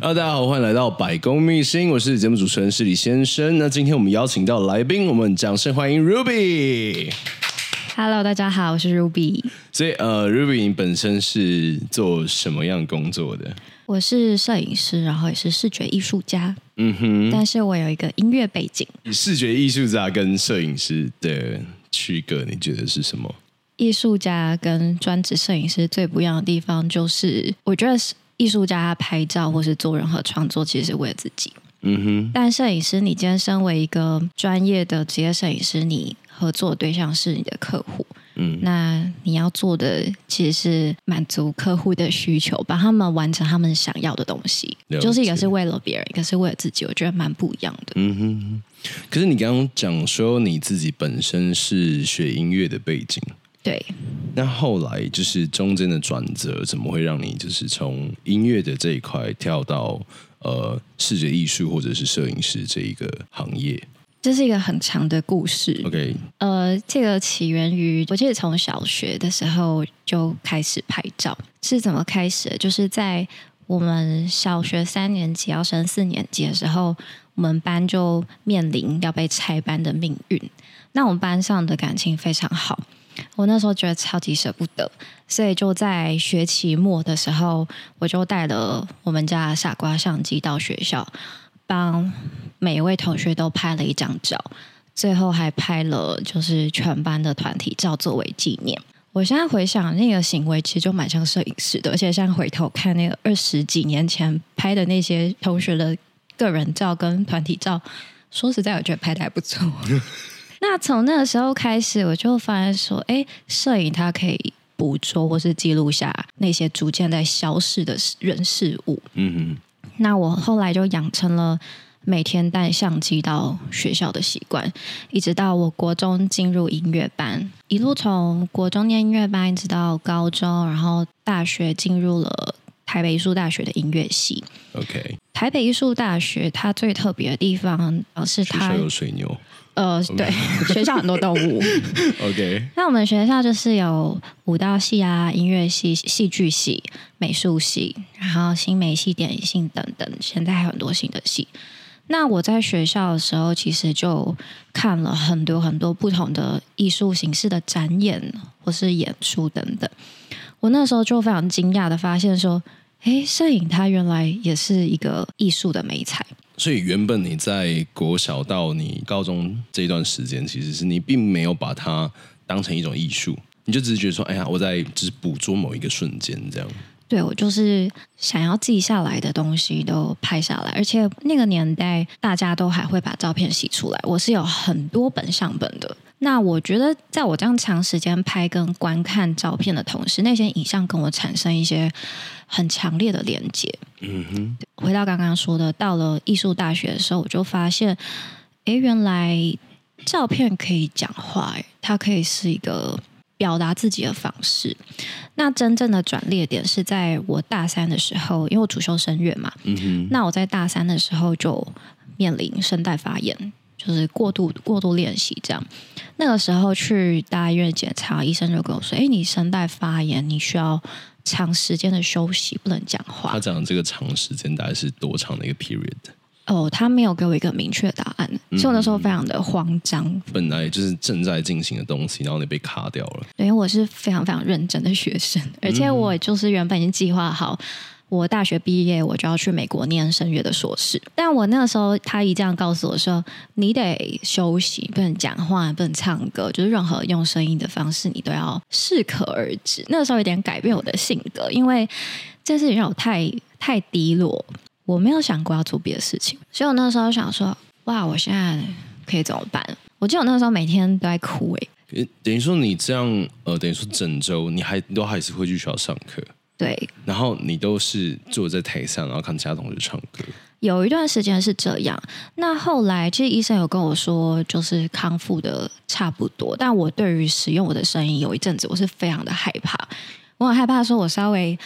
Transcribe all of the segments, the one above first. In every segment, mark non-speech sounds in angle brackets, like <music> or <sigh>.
Hello，大家好，歡迎來到百工秘辛，我是節目主持人失禮先生。那今天我們邀請到來賓，我們掌聲歡迎 Ruby。Hello，大家好，我是 Ruby。所以呃、uh,，Ruby 你本身是做什麼樣工作的？我是攝影師，然後也是視覺藝術家。嗯哼，但是我有一個音樂背景。視覺藝術家跟攝影師的區隔，你覺得是什麼？藝術家跟專職攝影師最不一樣的地方，就是我覺得是。藝術家拍照或是做任何創作，其實是為了自己。嗯哼。但攝影師，你今天身為一個專業的職業攝影師，你合作的對象是你的客戶。嗯哼。那你要做的其實是滿足客戶的需求，幫他們完成他們想要的東西，了解。就是一個是為了別人，一個是為了自己。我覺得蠻不一樣的。嗯哼。可是你剛剛講說你自己本身是學音樂的背景。對，那後來就是中間的轉折，怎麼會讓你就是從音樂的這一塊跳到呃視覺藝術或者是攝影師這一個行業？這是一個很長的故事。OK，呃，這個起源於我記得從小學的時候就開始拍照，是怎麼開始的？就是在我們小學三年級要升四年級的時候，我們班就面臨要被拆班的命運。那我們班上的感情非常好。我那時候覺得超級舍不得，所以就在學期末的時候，我就帶了我們家傻瓜相機到學校，幫每一位同學都拍了一張照，最後還拍了就是全班的團體照作為紀念。我現在回想那個行為，其實就蠻像攝影師的，而且現在回頭看那個二十幾年前拍的那些同學的個人照跟團體照，說實在，我覺得拍得還不錯。 <laughs> 那從那個時候開始，我就發現說，哎、欸，攝影它可以捕捉或是記錄下那些逐漸在消逝的人事物。嗯嗯哼。那我後來就養成了每天帶相機到學校的習慣，一直到我國中進入音樂班，一路從國中念音樂班，一直到高中，然後大學進入了台北藝術大學的音樂系。OK。台北藝術大學它最特別的地方，是它有水牛。呃，對，Okay. 學校很多動物。OK， <laughs> 那我們學校就是有舞蹈系啊、音樂系、戲劇系、美術系，然後新媒系、電影系等等，現在還有很多新的系。那我在學校的時候，其實就看了很多很多不同的藝術形式的展演或是演出等等。我那時候就非常驚訝的發現，說，誒，攝影它原來也是一個藝術的美彩。所以原本你在國小到你高中這段時間，其實是你並沒有把它當成一種藝術，你就只是覺得說，哎呀，我在就是捕捉某一個瞬間這樣。對，我就是想要記下來的東西都拍下來，而且那個年代大家都還會把照片洗出來，我是有很多本相本的。那我覺得，在我這樣長時間拍跟觀看照片的同時，那些影像跟我產生一些很強烈的連接。嗯哼，回到剛剛說的，到了藝術大學的時候，我就發現，哎，原來照片可以講話，它可以是一個表達自己的方式。那真正的轉捩點是在我大三的時候，因為我主修聲樂嘛，嗯哼，那我在大三的時候就面臨聲帶發炎。就是過度過度練習這樣，那個時候去大醫院檢查，醫生就跟我說：“哎，你聲帶發炎，你需要長時間的休息，不能講話。”他講這個長時間大概是多長的一個 period？哦，oh, 他沒有給我一個明確的答案，所以我那時候非常的慌張。嗯，本來就是正在進行的東西，然後你被卡掉了。對，我是非常非常認真的學生，而且我就是原本已經計劃好。嗯我大學畢業，我就要去美國念聲樂的碩士。但我那個時候，他一這樣告訴我說：“你得休息，不能講話，不能唱歌，就是任何用聲音的方式，你都要適可而止。”那個時候有點改變我的性格，因為這件事情讓我太太低落。我沒有想過要做別的事情，所以我那時候想說：“哇，我現在可以怎麼辦？”我記得我那時候每天都在哭欸。誒，等於說你這樣，呃，等於說整周你還都還是會去學校上課。對，然後你都是坐在台上，然後看其他同學唱歌。有一段時間是這樣，那後來其實醫生有跟我說，就是康復的差不多。但我對於使用我的聲音，有一陣子我是非常的害怕，我很害怕說我稍微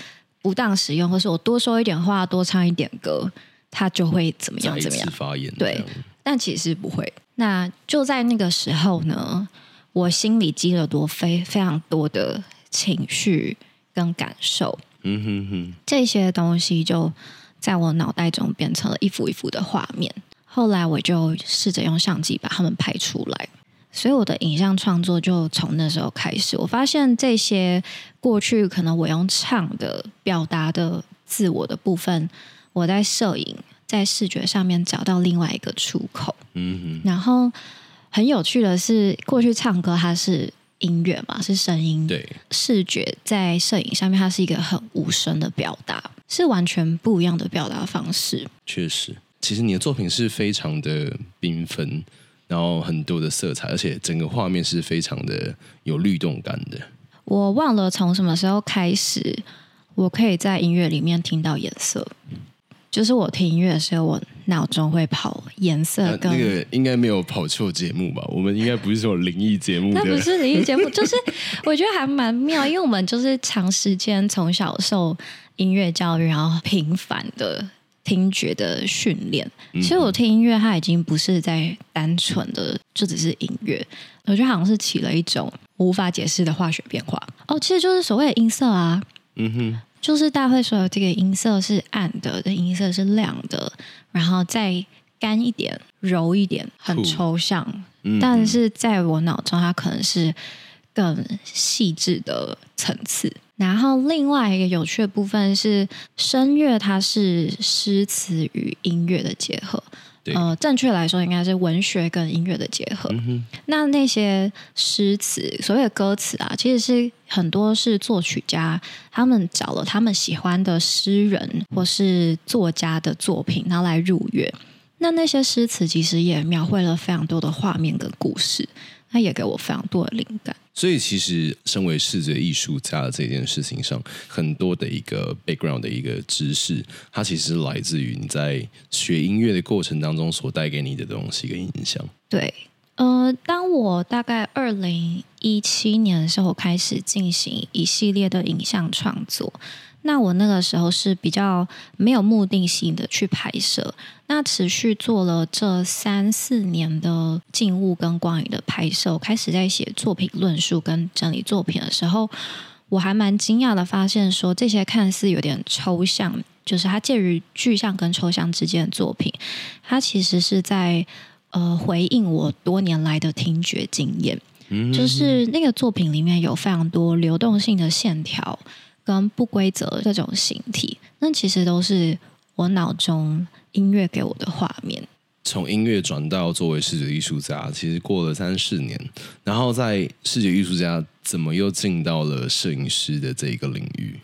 不當使用，或是我多說一點話，多唱一點歌，它就會怎麼樣怎麼樣？發炎。對。這樣。但其實不會。那就在那個時候呢，我心裡積了多非非常多的情緒跟感受，嗯哼哼，這些東西就在我腦袋中變成了一幅一幅的畫面。後來我就試着用相機把它們拍出來，所以我的影像創作就從那時候開始。我發現這些過去可能我用唱的表達的自我的部分，我在攝影、在視覺上面找到另外一個出口。嗯哼，然後很有趣的是，過去唱歌它是。音樂嘛，是聲音，對，視覺在攝影上面，它是一個很無聲的表達，是完全不一樣的表達方式。確實，其實你的作品是非常的繽紛，然後很多的色彩，而且整個畫面是非常的有律動感的。我忘了從什麼時候開始，我可以在音樂裡面聽到顏色，嗯，就是我聽音樂的時候。腦中會跑顏色更、啊，那個應該沒有跑錯節目吧？我們應該不是說靈異節目， <laughs> 那不是靈異節目，就是我覺得還蠻妙，因為我們就是長時間從小受音樂教育，然後頻繁的聽覺的訓練，其實我聽音樂，它已經不是在單純的就只是音樂，我覺得好像是起了一種無法解釋的化學變化。哦，其實就是所謂的音色啊。嗯哼。就是大會說的這個音色是暗的，這個音色是亮的，然後再乾一點、柔一點，很抽象。嗯嗯，但是在我腦中，它可能是更細緻的層次。然後另外一個有趣的部分是，聲樂它是詩詞與音樂的結合。對呃，正確來說應該是文學跟音樂的結合。嗯、哼那那些詩詞，所謂的歌詞啊，其實是很多是作曲家，他們找了他們喜歡的詩人或是作家的作品，他來入樂。那那些詩詞其實也描繪了非常多的畫面跟故事，那也給我非常多的靈感。所以，其實身為視覺藝術家的這件事情上，很多的一個 background 的一個知識，它其實是來自於你在學音樂的過程當中所帶給你的東西跟影響。對，呃，當我大概二零一七年的時候開始進行一系列的影像創作，那我那個時候是比較沒有目的性的去拍攝。那持續做了這三四年的靜物跟光影的拍攝。開始在寫作品論述跟整理作品的時候，我還蠻驚訝的發現說，說這些看似有點抽象，就是它介於具象跟抽象之間的作品，它其實是在呃回應我多年來的聽覺經驗。就是那個作品裡面有非常多流動性的線條跟不規則的這種形體，那其實都是我腦中，音樂給我的畫面，從音樂轉到作為視覺藝術家，其實過了三四年，然後在視覺藝術家怎麼又進到了攝影師的這一個領域？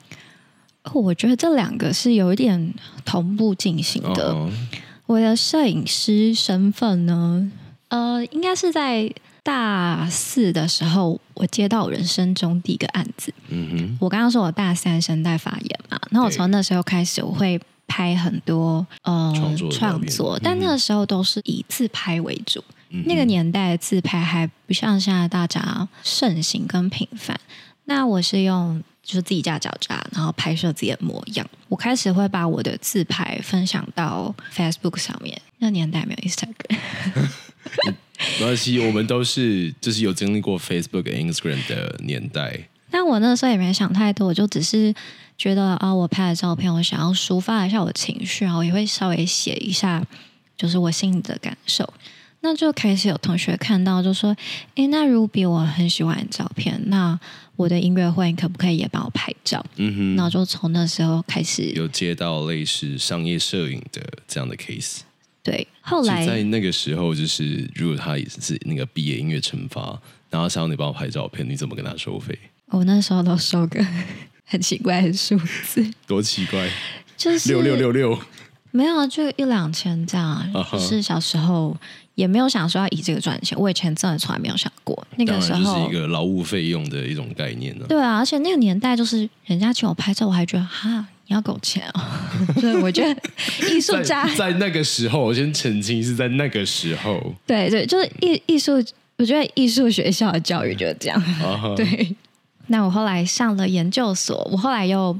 我覺得這兩個是有一點同步進行的。哦哦。我的攝影師身份呢，呃，應該是在大四的時候，我接到我人生中第一個案子。嗯哼、嗯，我剛剛說我大三聲帶發炎嘛，那我從那時候開始我會。拍很多呃創作，創作，但那個時候都是以自拍為主。嗯嗯，那個年代的自拍還不像現在大家盛行跟頻繁。那我是用就是自己架腳架，然後拍攝自己的模樣。我開始會把我的自拍分享到 Facebook 上面。那年代沒有 Instagram。 <laughs> <laughs> 沒關係，我們都是就是有經歷過 Facebook、Instagram 的年代。但我那時候也沒想太多，我就只是覺得啊，我拍了照片，我想要抒發一下我的情緒，然後也會稍微寫一下，就是我心裡的感受。那就開始有同學看到就說：“誒、欸，那 Ruby，我很喜歡你的照片，那我的音樂會可不可以也幫我拍照？”嗯哼，然後就從那時候開始有接到類似商業攝影的這樣的 case。對，後來就在那個時候，就是如果他也是那個畢業音樂懲罰，然後他想要你幫我拍照片，你怎麼跟他收費？我那時候都收個很奇怪的數字，多奇怪？就是六六六六，沒有就一兩千這樣啊。Uh huh. 是小時候也沒有想說要以這個賺錢，我以前真的從來沒有想過。那個時候是一個勞務費用的一種概念呢、啊。對啊，而且那個年代就是人家請我拍照，我還覺得哈你要給我錢啊、哦。 <laughs> 所以我覺得藝術 <laughs> 家在，在那個時候，我先澄清是在那個時候。對對，就是藝藝術，我覺得藝術學校的教育就是這樣。Uh huh. 對。那我後來上了研究所，我後來又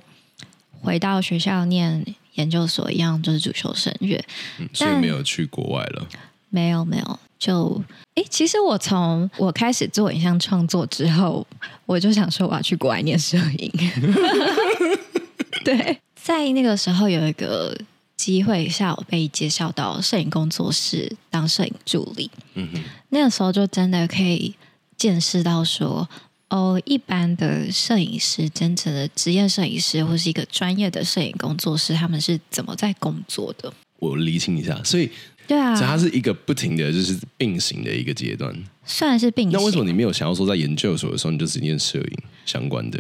回到學校念研究所，一樣就是主修聲樂，嗯、所以但沒有去國外了。沒有，沒有，就哎，其實我從我開始做影像創作之後，我就想說我要去國外念攝影。 <laughs> 對，在那個時候有一個機會，我被介紹到攝影工作室當攝影助理。嗯哼那個時候就真的可以見識到說，哦，oh, 一般的攝影師，真正的職業攝影師，或是一個專業的攝影工作室，他們是怎麼在工作的？我理清一下，所以對啊，它是一個不停的就是並行的一個階段，算是並行。那為什麼你沒有想要說在研究所的時候你就只念攝影相關的？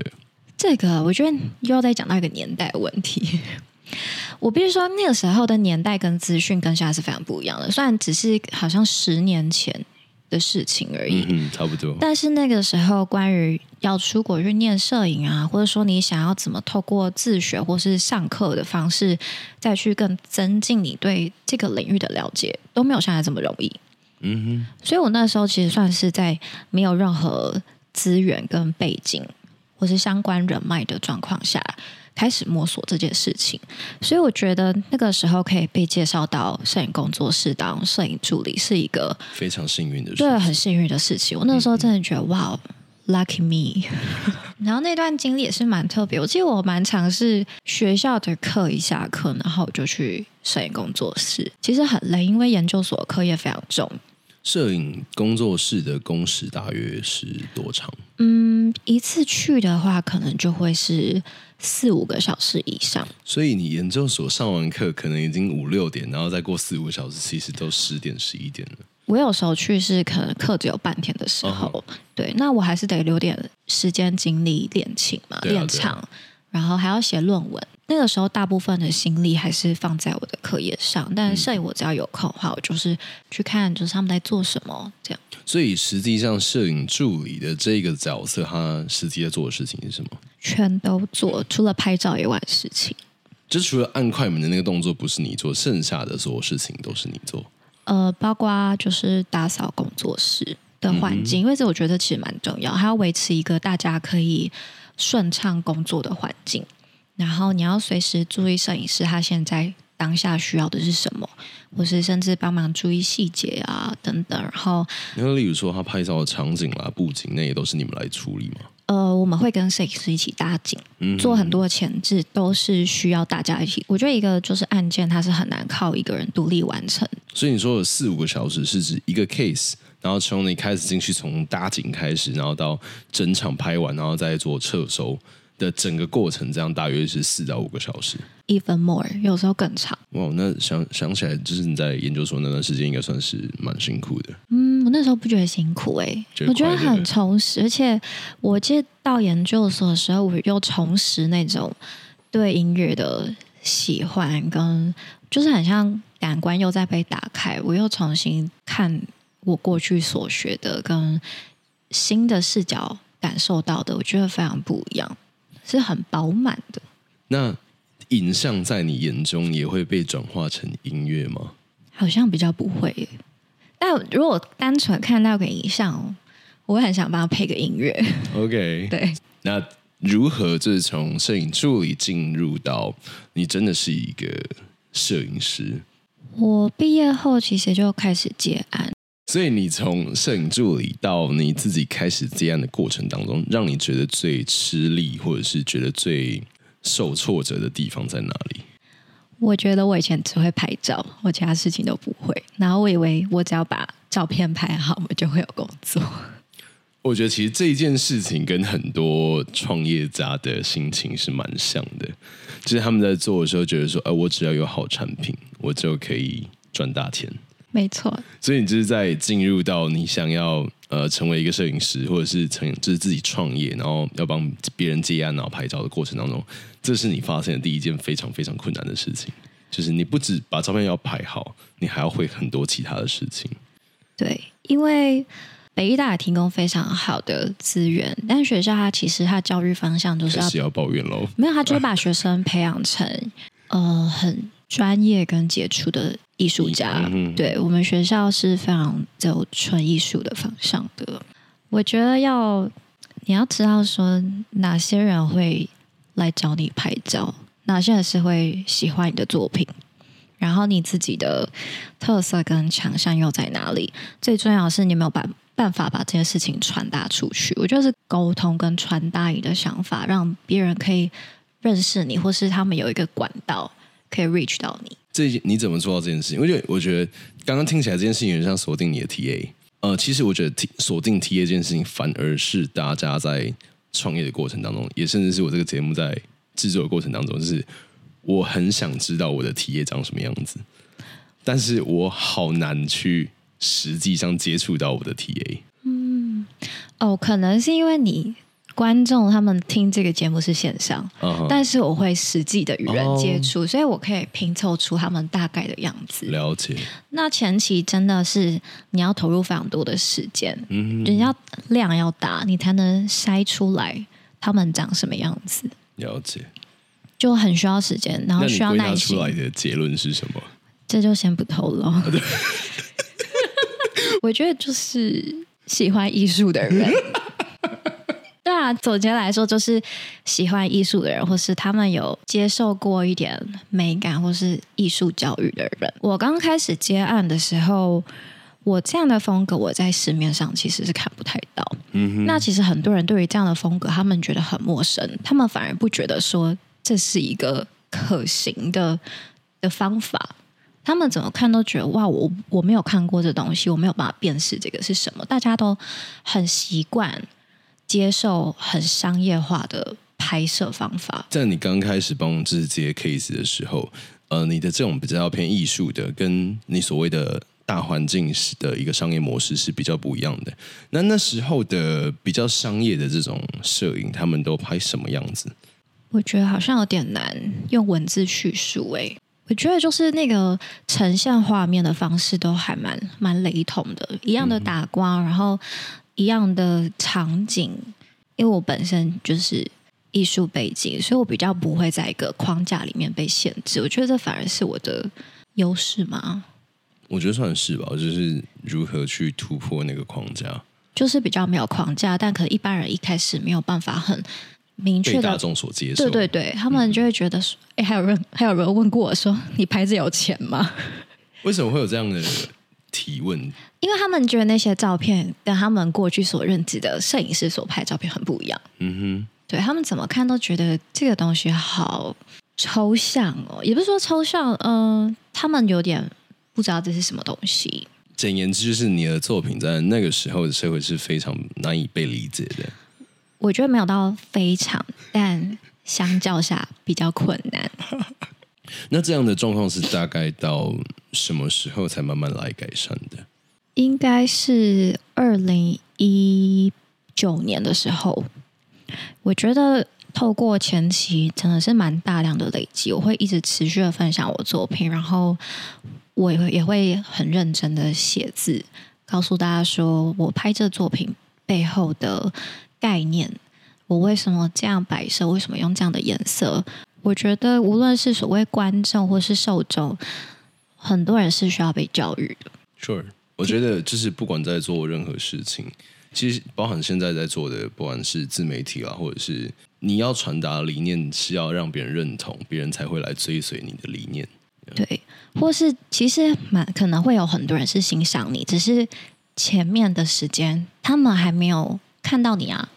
這個、啊、我覺得又要再講到一個年代問題。 <laughs> 我必須說那個時候的年代跟資訊跟現在是非常不一樣的，雖然只是好像十年前。的事情而已，嗯哼，差不多。但是那個時候，關於要出國去念攝影啊，或者說你想要怎麼透過自學或是上課的方式，再去更增進你對這個領域的了解，都沒有現在這麼容易。嗯哼，所以我那時候其實算是在沒有任何資源跟背景或是相關人脈的狀況下，開始摸索這件事情，所以我覺得那個時候可以被介紹到攝影工作室當攝影助理是一個非常幸運的事，對，很幸運的事情。我那時候真的覺得嗯嗯哇，lucky me。 <laughs> 然後那段經歷也是蠻特別。我記得我蠻常是學校的課一下課，然後就去攝影工作室，其實很累，因為研究所課業非常重。攝影工作室的工時大約是多長？嗯，一次去的話，可能就會是四五個小時以上。所以你研究所上完課，可能已經五六點，然後再過四五個小時，其實都十點十一點了。我有時候去是可能課只有半天的時候，嗯、對，那我還是得留點時間精力練琴嘛、練、啊啊、唱，然後還要寫論文。那個時候，大部分的心力還是放在我的課業上，但是攝影我只要有空的話，我就是去看，就是他們在做什麼這樣。所以，實際上，攝影助理的這個角色，他實際在做的事情是什麼？全都做，除了拍照以外的事情。 <laughs> 就除了按快門的那個動作不是你做，剩下的所有事情都是你做。呃，包括就是打掃工作室的環境，嗯嗯，因為這我覺得其實蠻重要，還要維持一個大家可以順暢工作的環境。然後你要隨時注意攝影師，他現在當下需要的是什麼，或是甚至幫忙注意細節啊等等。然後，那例如說他拍照的場景啦、布景，那也都是你們來處理嗎？呃，我們會跟攝影師一起搭景，嗯、哼做很多的前置，都是需要大家一起。我覺得一個就是案件，它是很難靠一個人獨立完成。所以你說有四五個小時是指一個 case，然後從你開始進去，從搭景開始，然後到整場拍完，然後再做撤收的整個過程，這樣大約是四到五個小時，even more，有時候更長。哦，wow，那想想起來，就是你在研究所那段時間，應該算是蠻辛苦的。嗯，我那時候不覺得辛苦、欸，哎，我覺得很充實，而且我記得到研究所的時候，我又重拾那種對音樂的喜歡跟，跟就是很像感官又在被打開，我又重新看我過去所學的，跟新的視角感受到的，我覺得非常不一樣。是很飽滿的。那影像在你眼中也會被轉化成音樂嗎？好像比較不會。但如果單純看那個影像，我會很想幫他配個音樂。OK，對。那如何就是從攝影助理進入到你真的是一個攝影師？我畢業後其實就開始接案。所以你從攝影助理到你自己開始接案的過程當中，讓你覺得最吃力或者是覺得最受挫折的地方在哪裡？我覺得我以前只會拍照，我其他事情都不會。然後我以為我只要把照片拍好，我就會有工作。我覺得其實這件事情跟很多創業家的心情是蠻像的，就是他們在做的時候覺得說，哎、啊，我只要有好產品，我就可以賺大錢。沒錯，所以你就是在進入到你想要呃成為一個攝影師，或者是成就是自己創業，然後要幫別人接案，然後拍照的過程當中，這是你發現的第一件非常非常困難的事情，就是你不止把照片要拍好，你還要會很多其他的事情。對，因為北藝大也提供非常好的資源，但學校它其實它的教育方向就是要，是要抱怨嘍，沒有，它就是把學生培養成。 <laughs> 呃，很專業跟傑出的藝術家，對，我們學校是非常走純藝術的方向的。我覺得要你要知道說哪些人會來找你拍照，哪些人是會喜歡你的作品，然後你自己的特色跟強項又在哪裡？最重要的是你有沒有辦辦法把這些事情傳達出去？我就是溝通跟傳達你的想法，讓別人可以。認識你，或是他們有一個管道可以 reach 到你。這你怎麼做到這件事情？我覺得，我覺得剛剛聽起來這件事情有點像鎖定你的 TA。呃，其實我覺得鎖定 TA 這件事情，反而是大家在創業的過程當中，也甚至是我這個節目在制作的過程當中，就是我很想知道我的 TA 長什麼樣子，但是我好難去實際上接觸到我的 TA。嗯，哦，可能是因為你。觀眾他們聽這個節目是線上，但是我會實際的與人接觸，哦、所以我可以拼湊出他們大概的樣子。了解。那前期真的是你要投入非常多的時間，嗯、哼人家量要大，你才能篩出來他們長什麼樣子。了解。就很需要時間，然後需要耐心。你出來的結論是什麼？這就先不透露。我覺得就是喜歡藝術的人。那總結來說，就是喜歡藝術的人，或是他們有接受過一點美感或是藝術教育的人。我剛開始接案的時候，我這樣的風格，我在市面上其實是看不太到。嗯哼。那其實很多人對於這樣的風格，他們覺得很陌生，他們反而不覺得說這是一個可行的的方法。他們怎麼看都覺得哇，我我沒有看過這東西，我沒有辦法辨識這個是什麼。大家都很習慣。接受很商業化的拍攝方法，在你剛開始幫自己接 case 的時候，呃，你的這種比較偏藝術的，跟你所謂的大環境的一個商業模式是比較不一樣的。那那時候的比較商業的這種攝影，他們都拍什麼樣子？我覺得好像有點難用文字敘述。哎，我覺得就是那個呈現畫面的方式都還蠻蠻雷同的，一樣的打光，嗯、哼然後。一樣的場景，因為我本身就是藝術背景，所以我比較不會在一個框架裡面被限制。我覺得這反而是我的優勢嗎？我覺得算是吧，就是如何去突破那個框架，就是比較沒有框架，但可能一般人一開始沒有辦法很明確的大眾所接受。對對對，他們就會覺得說，哎、嗯欸，還有人還有人問過我說， <laughs> 你拍這有錢嗎？為什麼會有這樣的提問？因為他們覺得那些照片跟他們過去所認知的攝影師所拍的照片很不一樣。嗯哼，對，他們怎麼看都覺得這個東西好抽象哦，也不是說抽象，嗯、呃，他們有點不知道這是什麼東西。簡言之，就是你的作品在那個時候的社會是非常難以被理解的。我覺得沒有到非常，但相較下比較困難。 <laughs> <laughs> 那這樣的狀況是大概到什麼時候才慢慢來改善的？應該是二零一九年的時候，我覺得透過前期真的是蠻大量的累積，我會一直持續的分享我作品，然後我也會很認真的寫字，告訴大家說，我拍這作品背後的概念，我為什麼這樣擺設，我為什麼用這樣的顏色。我覺得無論是所謂觀眾或是受眾，很多人是需要被教育的。Sure。我覺得就是不管在做任何事情，其實包含現在在做的，不管是自媒體啊，或者是你要傳達的理念是要讓別人認同，別人才會來追隨你的理念。對，或是其實蠻可能會有很多人是欣賞你，只是前面的時間他們還沒有看到你啊。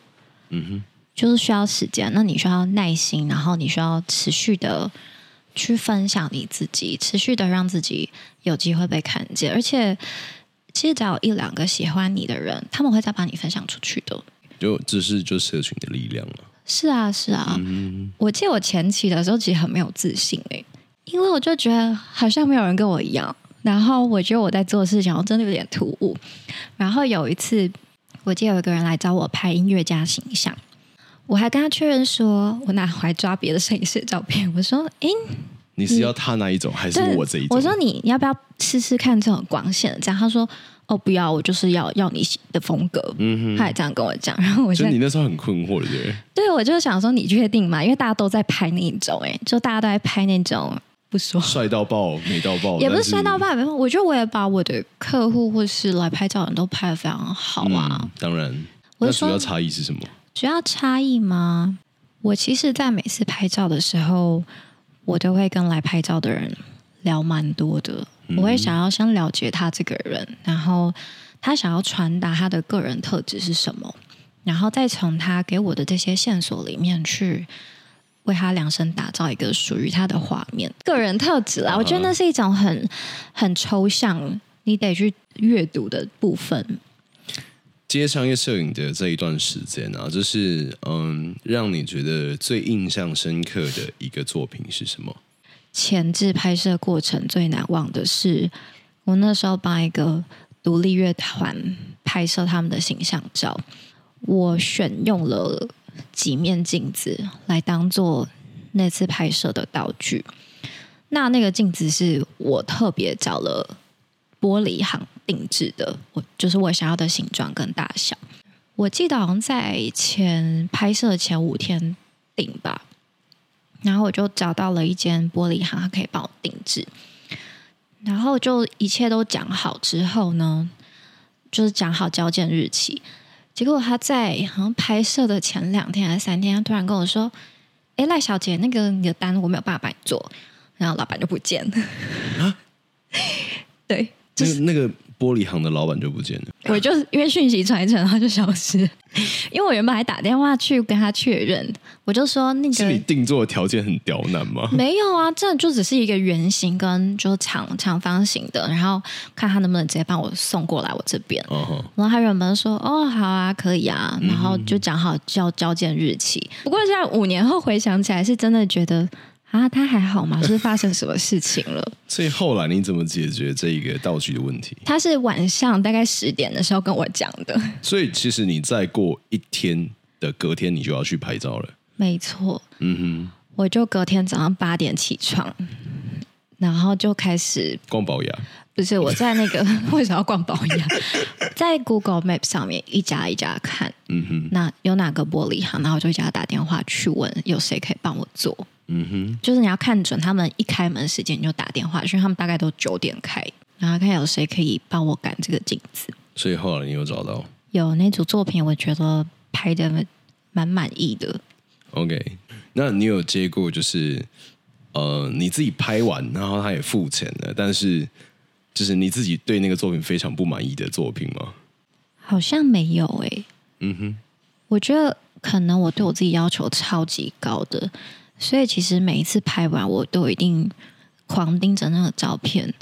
嗯哼，就是需要時間，那你需要耐心，然後你需要持續的去分享你自己，持續的讓自己有機會被看見，而且。其實只要一兩個喜歡你的人，他們會再把你分享出去的。就只是就社群的力量了、啊。是啊，是啊。嗯、哼我記得我前期的時候其實很沒有自信哎、欸，因為我就覺得好像沒有人跟我一樣。然後我覺得我在做事情，我真的有點突兀。然後有一次，我記得有一個人來找我拍音樂家的形象，我還跟他確認說我哪會抓別的攝影師的照片。我說，哎、欸。嗯你是要他那一種、嗯、還是我這一種？我說，你要不要試試看這種光線？這樣他說哦，不要，我就是要要你的風格。嗯哼，他也這樣跟我講。然後我，就你那時候很困惑是是，對不對？對，我就想說，你確定嗎？因為大家都在拍那一種、欸，哎，就大家都在拍那一種，不說帥到爆、美到爆，也不是帥到爆、美到爆。我覺得我也把我的客戶或是來拍照的人都拍得非常好啊。嗯、當然，我的主要差異是什麼？主要差異嗎？我其實，在每次拍照的時候。我都會跟來拍照的人聊蠻多的，我會想要先了解他這個人，然後他想要傳達他的個人特質是什麼，然後再從他給我的這些線索裡面去為他量身打造一個屬於他的畫面。個人特質啦，我覺得那是一種很很抽象，你得去閱讀的部分。接商業攝影的這一段時間啊，就是嗯，讓你覺得最印象深刻的一個作品是什麼？前置拍攝過程最難忘的是，我那時候幫一個獨立樂團拍攝他們的形象照，我選用了幾面鏡子來當做那次拍攝的道具。那那個鏡子是我特別找了玻璃行。定製的，我就是我想要的形狀跟大小。我記得好像在前拍攝的前五天定吧，然後我就找到了一間玻璃行，他可以幫我定製。然後就一切都講好之後呢，就是講好交件日期。結果他在好像拍攝的前兩天還是三天，他突然跟我說：“哎，賴小姐，那個你的單我沒有辦法幫你做。”然後老板就不見了啊。 <laughs> 對，就是那個。那個玻璃行的老闆就不見了，我就是因為訊息傳一傳他就消失了， <laughs> 因為我原本還打電話去跟他確認，我就說那個是你定做的條件很刁難嗎？沒有啊，這就只是一個圓形跟就長長方形的，然後看他能不能直接幫我送過來我這邊。哦、吼然後他原本說哦好啊可以啊，然後就講好交交件日期。不過現在五年後回想起來，是真的覺得。啊，他還好嗎？是，是發生什麼事情了？ <laughs> 所以後來你怎麼解決這一個道具的問題？他是晚上大概十點的時候跟我講的。所以其實你再過一天的隔天，你就要去拍照了。沒錯。嗯哼，我就隔天早上八點起床，然後就開始逛寶雅。不是我在那個，為什麼要逛保儀？ <laughs> 在 Google Map 上面一家一家看，嗯哼，那有哪個玻璃行，然後我就一家打電話去問，有誰可以幫我做，嗯哼，就是你要看準他們一開門時間你就打電話去，所以他們大概都九點開，然後看有誰可以幫我趕這個鏡子。所以後來你有找到？有，那組作品，我覺得拍的蠻滿意的。OK，那你有接過就是呃你自己拍完，然後他也付錢了，但是。就是你自己對那個作品非常不滿意的作品嗎？好像沒有誒、欸。嗯哼，我覺得可能我對我自己要求超級高的，所以其實每一次拍完，我都一定狂盯着那個照片，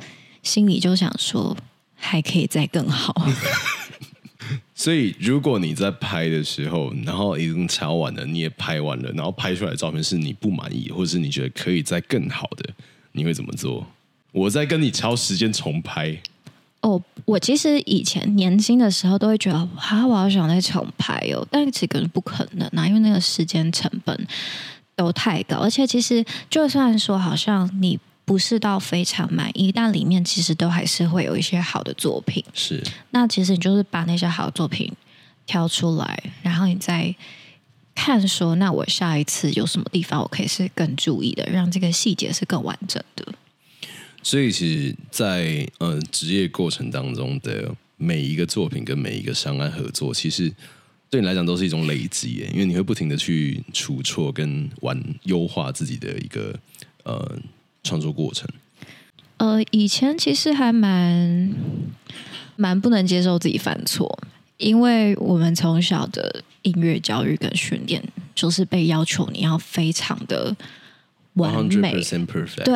心裡就想說還可以再更好。 <laughs> 所以，如果你在拍的時候，然後已經拍完了，你也拍完了，然後拍出來的照片是你不滿意，或是你覺得可以再更好的，你會怎麼做？我在跟你超時間重拍。哦，oh, 我其實以前年輕的時候都會覺得，啊，我要想再重拍哦，但其實不可能啦、啊，因為那個時間成本都太高。而且其實，就算說好像你不是到非常滿意，但裡面其實都還是會有一些好的作品。是。那其實你就是把那些好的作品挑出來，然後你再看說，說那我下一次有什麼地方我可以是更注意的，讓這個細節是更完整的。所以，其實在呃職業過程當中的每一個作品跟每一個商案合作，其實對你來講都是一種累積耶，因為你會不停的去出錯跟玩優化自己的一個呃創作過程。呃，以前其實還蠻蠻不能接受自己犯錯，因為我們從小的音樂教育跟訓練，就是被要求你要非常的。100% perfect，完美，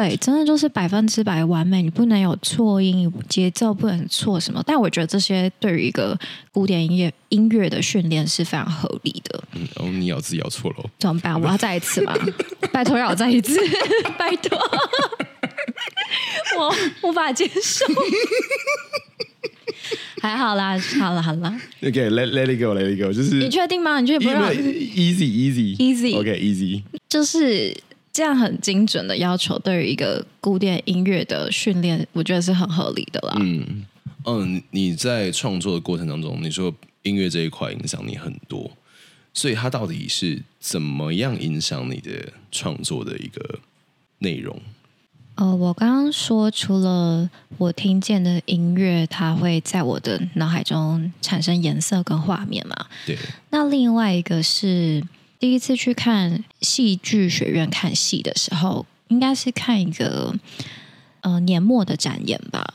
對，真的就是百分之百完美。你不能有錯音，你節奏不能錯什麼。但我覺得這些對於一個古典音樂音樂的訓練是非常合理的。嗯，哦，你咬字咬錯了，怎麼辦？我要再一次嗎？ <laughs> 拜托，要我再一次， <laughs> 拜托。我無法接受。 <laughs> <laughs> 還好啦，好啦，好啦。OK，let let it go，let it go，就是你確定嗎？你確定、yeah, no,？Easy，不 easy，easy。Okay，easy，就是。這樣很精準的要求，對於一個古典音樂的訓練，我覺得是很合理的啦。嗯嗯，哦，你在創作的過程當中，你說音樂這一塊影響你很多，所以它到底是怎麼樣影響你的創作的一個內容？呃，我剛剛說，除了我聽見的音樂，它會在我的腦海中產生顏色跟畫面嘛。對。那另外一個是。第一次去看戲劇學院看戲的時候，應該是看一個呃年末的展演吧。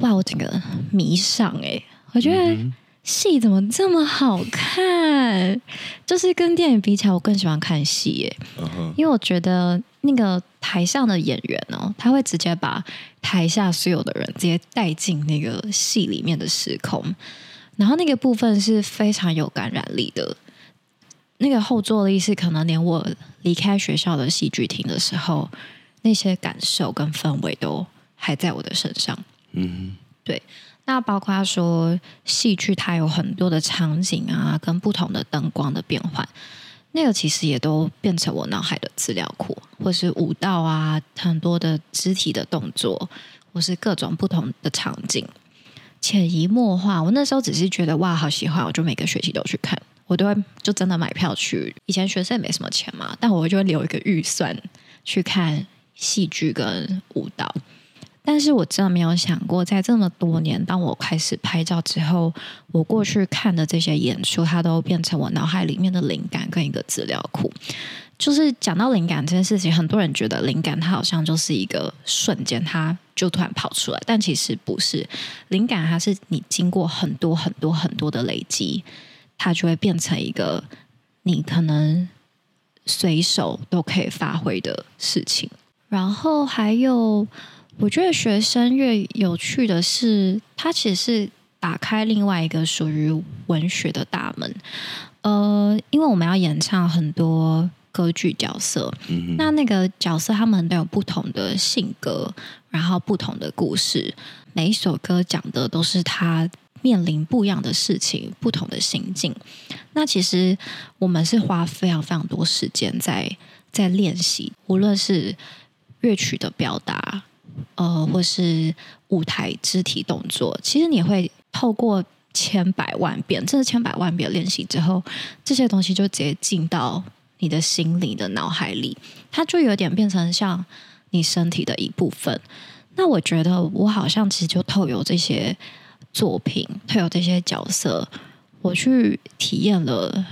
哇，我整個迷上誒、欸，我覺得戲怎麼這麼好看？就是跟電影比起來，我更喜歡看戲誒、欸，Uh-huh. 因為我覺得那個台上的演員哦、喔，他會直接把台下所有的人直接帶進那個戲裡面的時空，然後那個部分是非常有感染力的。那個後座力，是可能連我離開學校的戲劇廳的時候，那些感受跟氛圍都還在我的身上。嗯哼，對。那包括說戲劇，它有很多的場景啊，跟不同的燈光的變換，那個其實也都變成我腦海的資料庫，或是舞蹈啊，很多的肢體的動作，或是各種不同的場景，潛移默化。我那時候只是覺得哇，好喜歡，我就每個學期都去看。我都會就真的買票去。以前學生也沒什麼錢嘛，但我就會留一個預算去看戲劇跟舞蹈。但是我真的沒有想過，在這麼多年，當我開始拍照之後，我過去看的這些演出，它都變成我腦海裡面的靈感跟一個資料庫。就是講到靈感這件事情，很多人覺得靈感它好像就是一個瞬間，它就突然跑出來，但其實不是。靈感它是你經過很多很多很多的累積。它就會變成一個你可能隨手都可以發揮的事情。然後還有，我覺得學聲樂有趣的是，它其實是打開另外一個屬於文學的大門。呃，因為我們要演唱很多歌劇角色，那那個角色他們都有不同的性格，然後不同的故事，每一首歌講的都是他。面臨不一樣的事情，不同的心境。那其實我們是花非常非常多時間在在練習，無論是樂曲的表達，呃，或是舞台肢體動作。其實你會透過千百萬遍，甚至千百萬遍練習之後，這些東西就直接進到你的心裡的腦海裡，它就有點變成像你身體的一部分。那我覺得我好像其實就透由這些。作品，他有這些角色，我去體驗了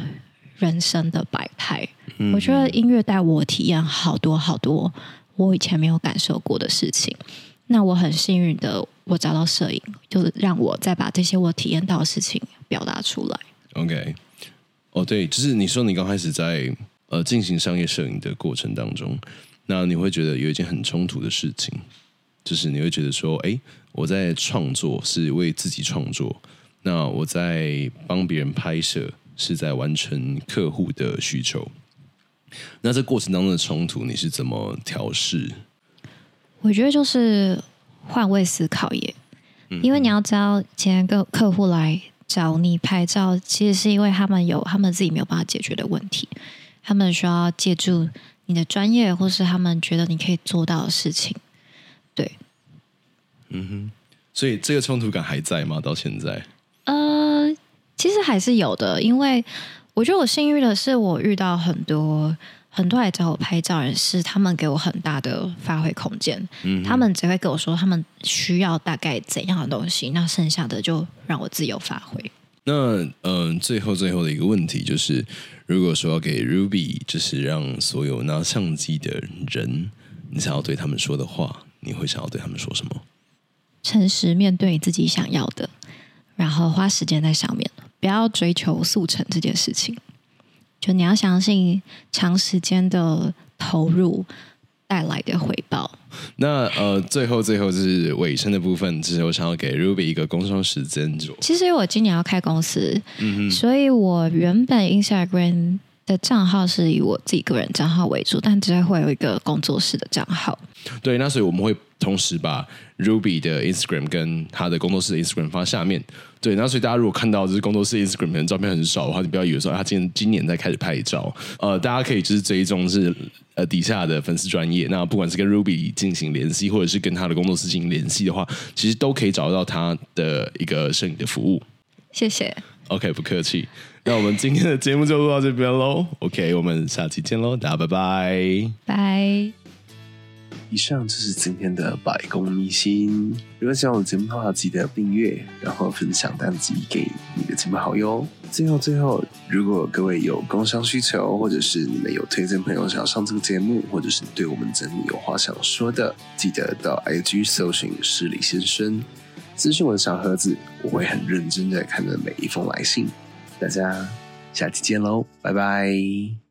人生的百態。嗯、哼我覺得音樂帶我體驗好多好多我以前沒有感受過的事情。那我很幸運的，我找到攝影，就是讓我再把這些我體驗到的事情表達出來。OK，哦、oh,，對，就是你說你剛開始在呃進行商業攝影的過程當中，那你會覺得有一件很衝突的事情，就是你會覺得說，哎。我在創作是為自己創作，那我在幫別人拍攝是在完成客戶的需求。那這過程當中的衝突，你是怎麼調試？我覺得就是換位思考耶，嗯，因為你要知道，前個客戶來找你拍照，其實是因為他們有他們自己沒有辦法解決的問題，他們需要借助你的專業，或是他們覺得你可以做到的事情。所以這個衝突感還在嗎？到現在？呃，其實還是有的，因為我覺得我幸運的是，我遇到很多很多來找我拍照人士，是他們給我很大的發揮空間。嗯哼，他們只會跟我說他們需要大概怎樣的東西，那剩下的就讓我自由發揮。那嗯、呃，最後最後的一個問題就是，如果說要給 Ruby，就是讓所有拿相機的人，你想要對他們說的話，你會想要對他們說什麼？誠實面對你自己想要的，然後花時間在上面，不要追求速成這件事情。就你要相信長時間的投入帶來的回報。那呃，最後最後就是尾聲的部分，就是我想要給 Ruby 一個工商時間做。其實我今年要開公司，嗯哼，所以我原本 Instagram。的賬號是以我自己個人賬號為主，但只會有一個工作室的賬號。對，那所以我們會同時把 Ruby 的 Instagram 跟他的工作室 Instagram 放下面。對，那所以大家如果看到就是工作室 Instagram 照片很少的話，你不要以為說他今年今年在開始拍照。呃，大家可以就是追蹤是呃底下的粉絲專頁。那不管是跟 Ruby 進行聯繫，或者是跟他的工作室進行聯繫的話，其實都可以找到他的一個攝影的服務。謝謝。OK，不客氣。那我們今天的節目就錄到這邊嘍，OK，我們下期見嘍，大家拜拜，拜 Bye。以上就是今天的百工秘辛。如果喜歡我的節目的話，記得訂閱，然後分享單集給你的親朋好友。最後最後，如果各位有工商需求，或者是你們有推薦朋友想要上這個節目，或者是對我們整理有話想說的，記得到 IG 搜尋“失禮先生”諮詢我的小盒子，我會很認真的看着每一封來信。大家下期見嘍，拜拜。